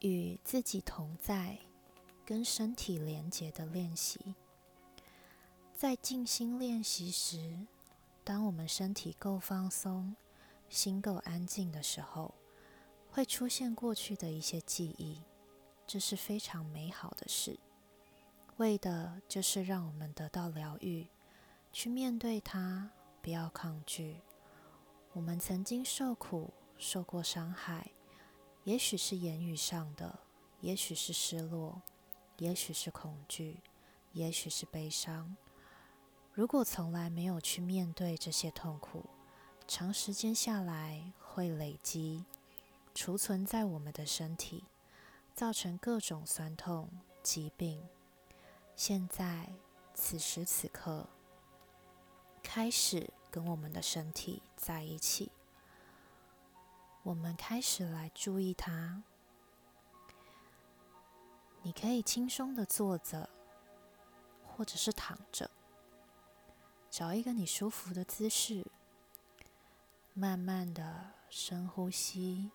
與自己同在，跟身體連結的練習，在靜心練習時，當我們身體夠放鬆，心夠安靜的時候，會出現過去的一些記憶，這是非常美好的事。為的就是讓我們得到療癒，去面對它，不要抗拒。我們曾經受苦，受過傷害。也許是言語上的，也許是失落，也許是恐懼，也許是悲傷。如果從來沒有去面對這些痛苦，長時間下來會累積，儲存在我們的身體，造成各種酸痛、疾病。現在，此時此刻，開始跟我們的身體在一起。我們開始來注意它。你可以輕鬆的坐着，或者是躺着，找一個你舒服的姿勢，慢慢的深呼吸。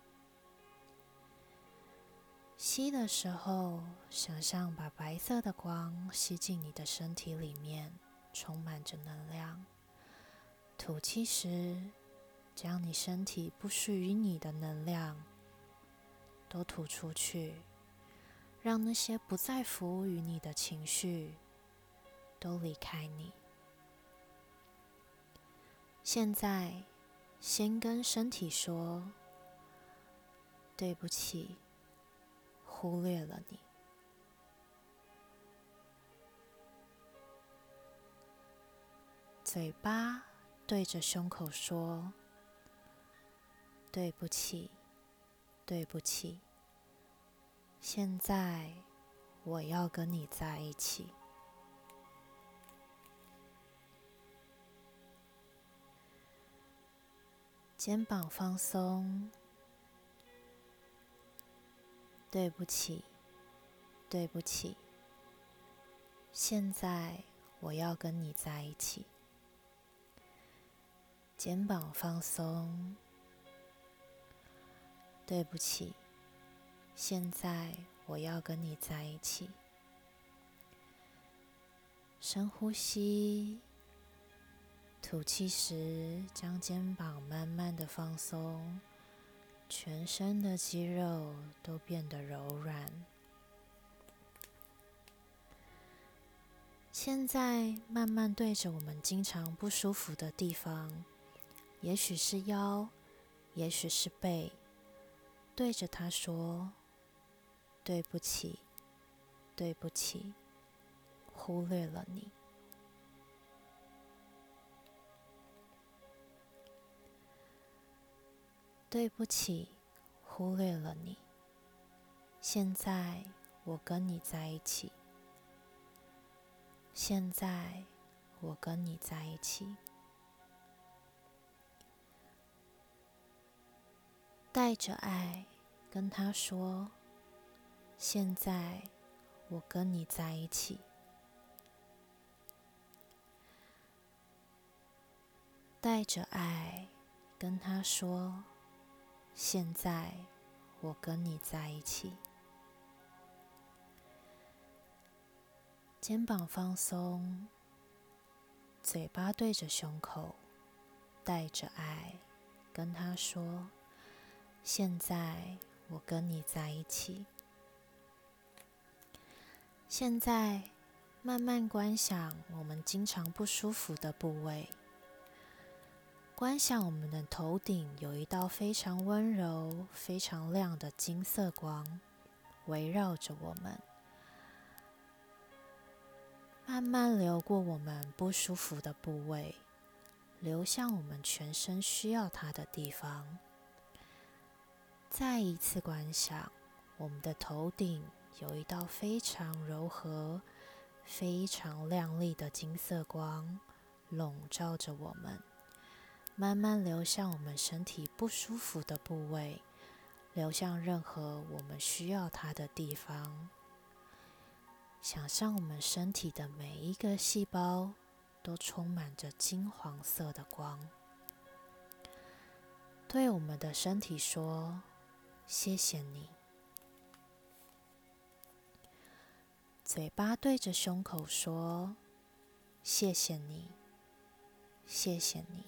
吸的時候，想象把白色的光吸進你的身體裡面，充滿着能量。吐氣時，將你身體不屬於你的能量都吐出去，讓那些不再服務於你的情緒都離開你。現在，先跟身體說對不起，忽略了你。嘴巴對着胸口說。對不起，對不起。現在我要跟你在一起，肩膀放鬆。對不起，對不起。現在我要跟你在一起，肩膀放鬆。對不起，現在我要跟你在一起。深呼吸，吐氣時將肩膀慢慢的放鬆，全身的肌肉都變得柔軟。現在慢慢對着我們經常不舒服的地方，也許是腰，也許是背。對着他說：“對不起，對不起，忽略了你。對不起，忽略了你。現在我跟你在一起。現在我跟你在一起。”帶着愛跟他說：“現在我跟你在一起。”帶着愛跟他說：“現在我跟你在一起。”肩膀放鬆，嘴巴對着胸口，帶着愛跟他說。現在我跟你在一起。現在慢慢觀想我們經常不舒服的部位，觀想我們的頭頂有一道非常溫柔、非常亮的金色光，圍繞着我們，慢慢流過我們不舒服的部位，流向我們全身需要它的地方。再一次觀想，我們的頭頂有一道非常柔和、非常亮麗的金色光，籠罩着我們，慢慢流向我們身體不舒服的部位，流向任何我們需要它的地方。想象我們身體的每一個細胞都充滿着金黃色的光。對我們的身體說。謝謝你，嘴巴對着胸口說：“謝謝你，謝謝你。”